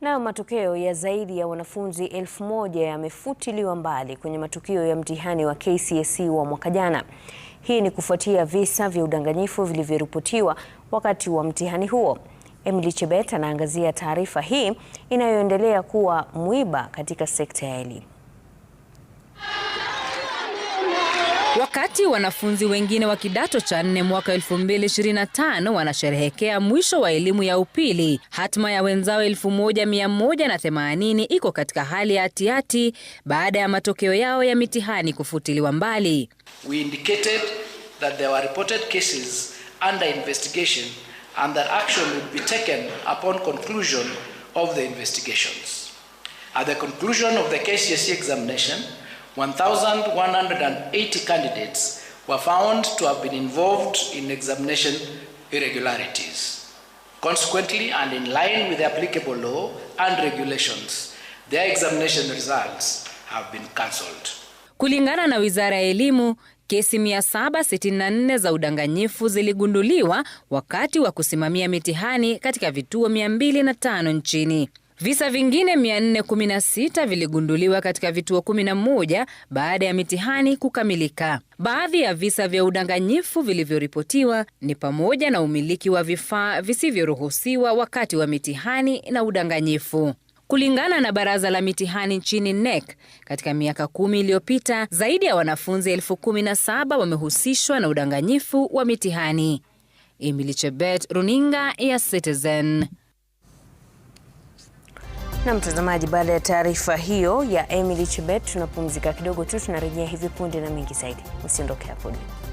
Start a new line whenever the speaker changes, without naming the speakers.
Nayo matokeo ya zaidi ya wanafunzi elfu moja yamefutiliwa mbali kwenye matukio ya mtihani wa KCSE wa mwaka jana. Hii ni kufuatia visa vya udanganyifu vilivyoripotiwa wakati wa mtihani huo. Emily Chebet anaangazia taarifa hii inayoendelea kuwa mwiba katika sekta ya elimu.
Wakati wanafunzi wengine wa kidato cha nne mwaka 2025 wanasherehekea mwisho wa elimu ya upili, hatma ya wenzao 1180 iko katika hali ya hatihati baada ya matokeo yao ya mitihani kufutiliwa mbali.
We indicated that there were reported cases under investigation and that action would be taken upon conclusion of the investigations. At the conclusion of the KCSE examination 1,180 candidates were found to have been involved in examination irregularities. Consequently, and in line with the applicable law and regulations, their examination results have been cancelled.
Kulingana na Wizara ya Elimu, kesi 764 za udanganyifu ziligunduliwa wakati wa kusimamia mitihani katika vituo 205 nchini. Visa vingine 416 viligunduliwa katika vituo 11 baada ya mitihani kukamilika. Baadhi ya visa vya udanganyifu vilivyoripotiwa ni pamoja na umiliki wa vifaa visivyoruhusiwa wakati wa mitihani na udanganyifu. Kulingana na baraza la mitihani nchini NEC, katika miaka kumi iliyopita zaidi ya wanafunzi elfu kumi na saba wamehusishwa na udanganyifu wa mitihani. Emily Chebet, runinga ya Citizen.
Na mtazamaji, baada ya taarifa hiyo ya Emily Chebet tunapumzika kidogo tu, tunarejea hivi punde na mengi zaidi. Usiondoke hapo.